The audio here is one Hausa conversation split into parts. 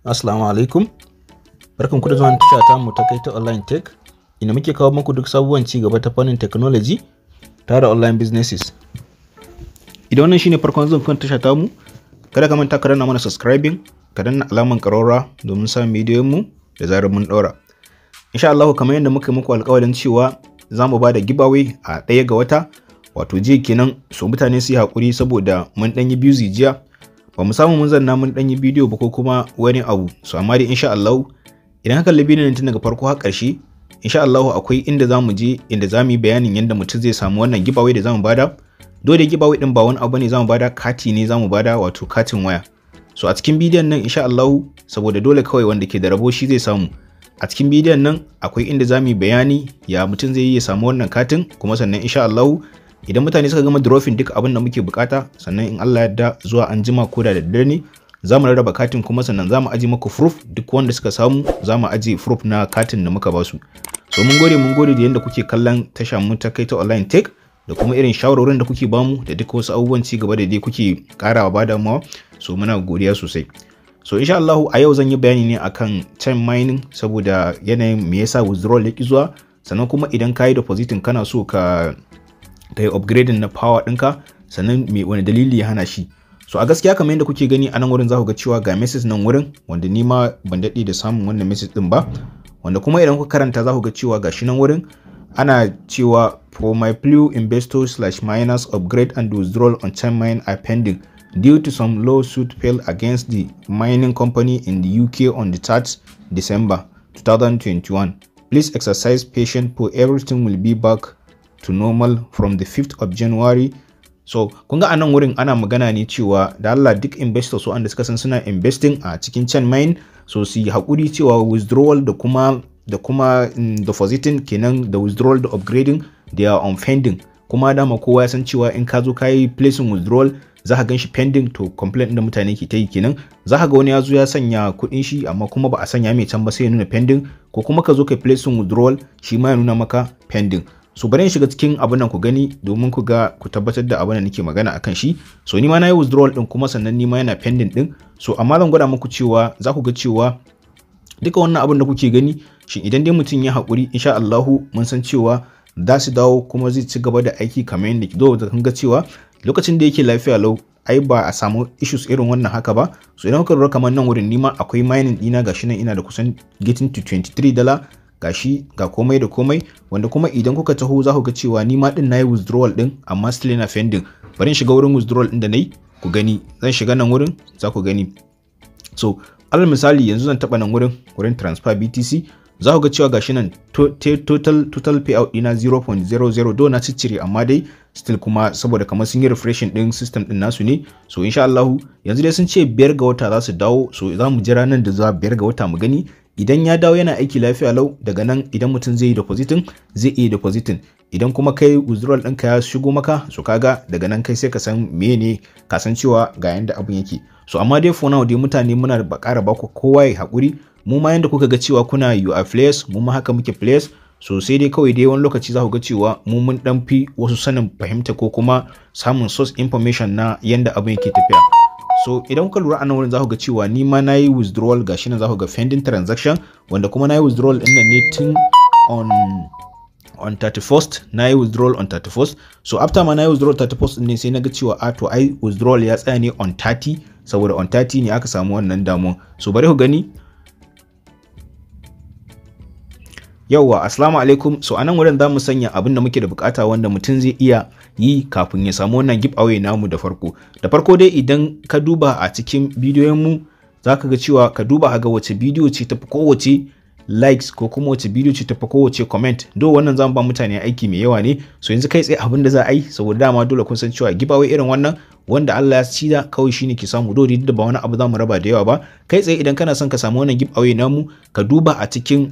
Assalamu alaikum. Barkan ku da zuwa tasha ta mu ta kai ta online tech. Ina muke kawo muku duk sabuwan ci gaba ta fannin technology tare da online businesses. Idan wannan shine farkon zuwan kan tasha ta mu, kada ka manta ka danna mana subscribing, ka danna alamar karora domin samun bidiyon mu da zarar mun daura. Insha Allah kamar yadda muka muku alƙawarin cewa za mu bada da giveaway a ɗaya ga wata wato jiya kenan so mutane su yi haƙuri saboda mun ɗan yi busy jiya ba mu samu mun zanna mun danyi bidiyo ba ko kuma wani abu so amma dai insha Allah idan ka kalli bidiyon tun daga farko har ƙarshe insha Allah akwai inda za mu je inda za yi bayanin yadda mutum zai samu wannan giveaway da za mu bada dole giveaway din ba wani abu ne za mu bada kati ne za mu bada wato katin waya so a cikin bidiyon nan insha Allah saboda dole kawai wanda ke da rabo shi zai samu a cikin bidiyon nan akwai inda za mu bayani ya mutum zai yi ya samu wannan katin kuma sannan insha Allah idan mutane suka gama drofin duk abin da muke bukata sannan in Allah yarda zuwa an jima ko da daddare ne za mu rarraba katin kuma sannan za mu aji maku proof duk wanda suka samu za mu aji proof na katin da muka basu so mun gode mun gode da yadda kuke kallon tasha mu ta kai ta online tech da kuma irin shawarorin da kuke bamu da duk wasu abubuwan ci gaba da dai kuke karawa bada mawa so muna godiya sosai so insha Allah a yau zan yi bayani ne akan chain mining saboda yanayin me yasa withdrawal ya ki zuwa sannan kuma idan ka yi depositing kana so ka ka yi upgrading na power ɗinka sannan mai wani dalili ya hana shi so a gaskiya kamar yadda kuke gani a nan wurin za ku ga cewa ga message nan wurin wanda ni ma ban daɗe da samun wannan message ɗin ba wanda kuma idan kuka karanta za ku ga cewa ga shi nan wurin ana cewa for my blue investor slash miners upgrade and withdrawal on time mine are pending due to some lawsuit filed against the mining company in the UK on the 3rd December 2021. Please exercise patience for everything will be back to normal from the 5th of January. So, kun ga anan wurin ana magana ne cewa da Allah duk investors waɗanda suka san suna investing a cikin chain mine so su yi haƙuri cewa withdrawal da kuma da kuma mm, depositing kenan da withdrawal da upgrading they are on pending kuma dama kowa ya san cewa in ka zo ka yi placing withdrawal za ka gan shi pending to complaint da mutane ke ta yi kenan za ka ga wani ya zo ya sanya kuɗin shi amma kuma ba a sanya mai can ba sai ya nuna pending ko kuma ka zo ka placing withdrawal shi ma ya nuna maka pending so bari in shiga cikin abin nan ku gani domin ku ga ku tabbatar da abin da nake magana akan shi so ni ma na yi withdrawal din kuma sannan ni ma yana pending din so amma zan gwada muku cewa za ku ga cewa duka wannan abin da kuke gani shin idan dai mutum ya haƙuri insha Allahu mun san cewa za su dawo kuma zai ci gaba da aiki kamar yadda do dole kun ga cewa lokacin da yake lafiya lau ai ba a samu issues irin wannan haka ba so idan kuka lura kamar nan wurin nima akwai mining dina gashi nan ina da kusan getting to 23 dala gashi ga komai da komai wanda kuma idan kuka taho za ku ga cewa ni ma din nayi withdrawal din amma still yana pending bari shiga wurin withdrawal din da nayi ku gani zan shiga nan wurin za ku gani so alal misali yanzu zan taba nan wurin wurin transfer BTC za ku ga cewa gashi nan total total payout dina 0.00 do na ciccire amma dai still kuma saboda kamar sun yi refreshing din system din nasu ne so insha Allah yanzu dai sun ce biyar ga wata za su dawo so za mu jira nan da za biyar ga wata mu gani idan ya dawo yana aiki lafiya lau daga nan idan mutum zai yi depositing zai iya depositing idan kuma kai withdrawal ɗinka ya shigo maka su ga daga nan kai sai ka san mene ka san cewa ga yanda abun yake so amma dai for now dai mutane muna da bakara ba kowa ya haƙuri mu ma yanda kuka ga cewa kuna you are players mu ma haka muke players so sai dai kawai dai wani lokaci za ku ga cewa mu mun dan fi wasu sanin fahimta ko kuma samun source information na yanda abun yake tafiya so idan kuka lura anan wurin za ku ga cewa ni ma na yi withdrawal ga shi nan za ku ga pending transaction wanda kuma na yi withdrawal din nan ne tun on on 31st na yi withdrawal on 31st so after ma na yi withdrawal 31st ne sai na ga cewa a ah, to ai withdrawal ya tsaya ne on 30 saboda on 30 ne aka samu wannan damuwa so bari ku gani yauwa assalamu alaikum so anan wurin zamu sanya abin da muke da bukata wanda mutum zai iya yi kafin ya samu wannan giveaway namu da farko da farko dai idan ka duba a cikin bidiyon mu zaka ga cewa ka duba ga wace bidiyo ce tafi kowace likes ko kuma wace bidiyo ce tafi kowace comment do wannan zamu ba mutane aiki mai yawa ne so yanzu kai tsaye abin da za a yi saboda dama dole kun san cewa giveaway irin wannan wanda Allah ya ci da kawai shine ke samu dole da ba wani abu zamu raba da yawa ba kai tsaye idan kana son ka samu wannan giveaway namu ka duba a cikin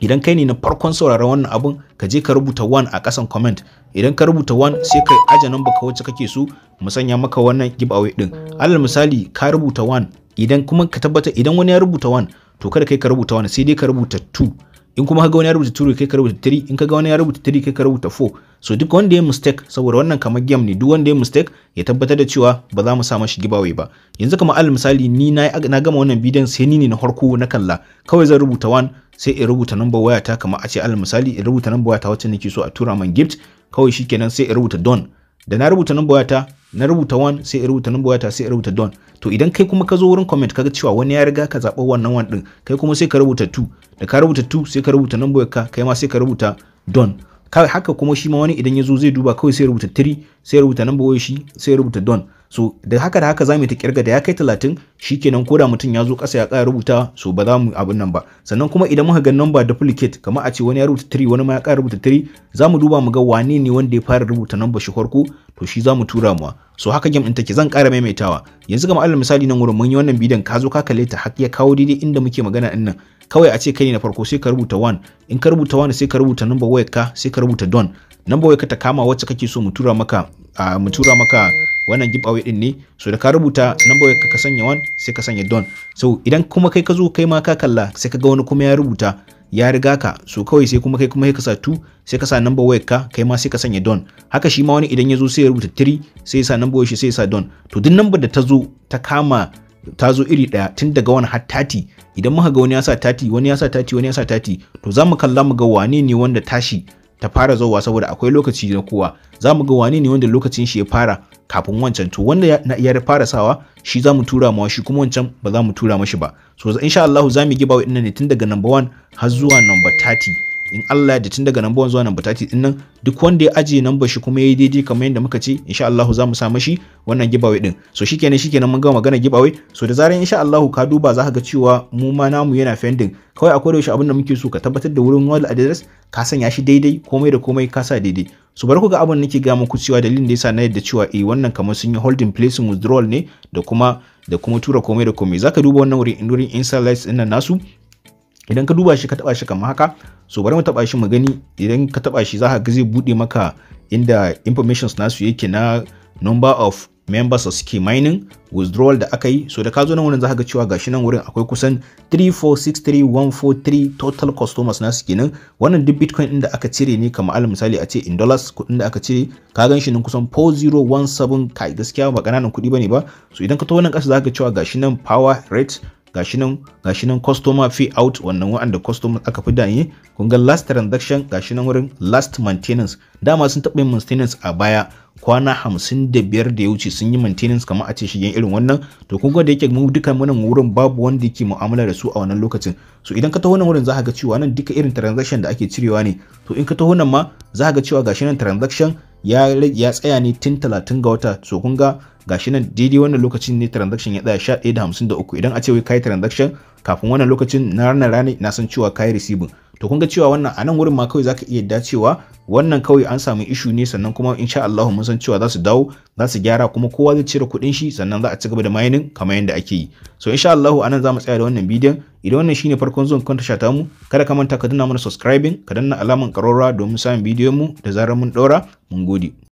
idan kai ne na farkon sauraron wannan abun ka je ka rubuta one a ƙasan comment idan ka rubuta one sai ka aje number ka wacce kake so mu sanya maka wannan giveaway din alal misali ka rubuta one idan kuma ka tabbata idan wani ya rubuta one to kada kai ka rubuta one sai dai ka rubuta two in kuma ka ga wani ya rubuta two kai ka rubuta three in ka ga wani ya rubuta three kai ka rubuta four so duk wanda ya mistake saboda wannan kamar game ne duk wanda ya mistake ya tabbatar da cewa ba za mu sa mashi giveaway ba yanzu kamar alal misali ni na gama wannan bidiyon sai ni ne na farko na kalla kawai zan rubuta one sai in rubuta number waya ta kamar a ce alal misali in rubuta number waya ta wacce nake so a tura man gift kawai shikenan sai in rubuta don da na rubuta number waya ta na rubuta one sai in rubuta number waya sai in rubuta don to idan kai kuma ka zo wurin comment kaga cewa wani ya riga ka zaɓa wannan one din kai kuma sai ka rubuta two da ka rubuta two sai ka rubuta number waya ka kai ma sai ka rubuta don haka kuma shi ma wani idan ya zo zai duba kawai sai rubuta 3 sai rubuta number waya shi sai rubuta don so da haka da haka za mu ta kirga da ya kai talatin shikenan koda mutum ya zo kasa ya ƙara rubuta so ba za mu abin nan ba sannan kuma idan muka ga number duplicate kamar a ce wani ya rubuta 3 wani ma ya ƙara rubuta 3 za mu duba mu ga wane ne wanda ya fara rubuta number shi farko to shi za mu tura muwa so haka game ɗin take zan ƙara maimaitawa yanzu ga ma'alar misali nan wurin mun yi wannan bidiyon ka zo ka kalle ta har ya kawo daidai inda muke magana ɗin nan kawai a ce kai ne na farko sai ka rubuta one in ka rubuta one sai ka rubuta number wayar ka sai ka rubuta don number wayar ka ta kama wacce kake so mu tura maka mu tura maka wannan giveaway din ne so da ka rubuta number wayar ka ka sanya one sai ka sanya don so idan kuma kai ka zo kai ma ka kalla sai ka ga wani kuma ya rubuta ya riga ka so kawai sai kuma kai kuma ka sa 2 sai ka sa number wayar ka kai ma sai ka sanya don haka shi ma wani idan ya zo sai ya rubuta 3 sai ya sa number wayar shi sai ya sa don to duk number da ta zo ta kama ta zo iri daya tun daga wani har 30 idan muka ga wani ya sa 30 wani ya sa 30 wani ya sa 30 to za mu kalla mu ga wane ne wanda tashi ta fara zowa saboda akwai lokaci na kowa za mu ga wani ne wanda lokacin shi ya fara kafin wancan to wanda ya fara sawa shi za mu tura mawa shi kuma wancan ba za mu tura mashi ba so insha Allah za mu giba wa ne tun daga number 1 har zuwa number 30 in Allah ya tun daga number 1 zuwa number 30 din nan duk wanda ya ajiye number shi kuma yayi daidai kamar yadda muka ce insha Allah za mu sa mashi wannan giveaway din so shikenan shikenan mun gama magana giveaway so da zaran insha Allah ka duba za ka ga cewa mu ma namu yana pending kawai akwai da yaushe abin da muke so ka tabbatar da wurin wallet address ka sanya shi daidai komai da komai ka sa daidai su bari ku ga abin nake ga muku cewa dalilin da yasa na yadda cewa eh wannan kamar sun yi holding place withdrawal ne da kuma da kuma tura komai da komai zaka duba wannan wurin wurin inside lights din nan nasu idan ka duba shi ka taba shi kamar haka so bari mu taba shi mu gani idan ka taba shi za ga zai bude maka inda informations nasu yake na number of members of suke mining withdrawal da aka yi so da ka zo nan wurin za ga cewa gashi nan wurin akwai kusan 3463143 total customers nasu kenan wannan duk bitcoin din da aka cire ne kamar alal misali a ce in dollars kudin da aka cire ka gan shi nan kusan 4017 kai gaskiya ba kananan kudi bane ba so idan ka to wannan kasa za ga cewa gashi nan power rate Gashinan gashinan customer fee out wannan wa'anda customer aka fi danye kun ga last transaction gashinan wurin last maintenance dama sun taɓa yin maintenance a baya kwana hamsin da biyar da ya wuce sun yi maintenance kamar a ce shigen irin wannan to kun ga da yake mu duka wannan wurin babu wanda yake mu'amala da su a wannan lokacin so idan ka taho nan wurin za ga cewa nan duka irin transaction da ake cirewa ne to in ka taho nan ma za ga cewa gashinan transaction ya ya tsaya ne tun talatin ga wata so kun ga gashi nan daidai wannan lokacin ne transaction ya tsaya sha uku idan a ce wai kai transaction kafin wannan lokacin na ranar rani na san cewa kai receiving to kun ga cewa wannan a nan wurin ma kawai zaka iya dacewa wannan kawai an samu ishu ne sannan kuma insha Allah mun san cewa za su dawo za su gyara kuma kowa zai cire kuɗin shi sannan za a ci gaba da mining kamar yadda ake yi so insha Allah a nan za mu tsaya da wannan bidiyon idan wannan shine farkon zuwan kan tasha ta mu kada ka manta ka danna mana subscribing ka danna alaman karora domin samun bidiyon mu da zarar mun ɗora mun gode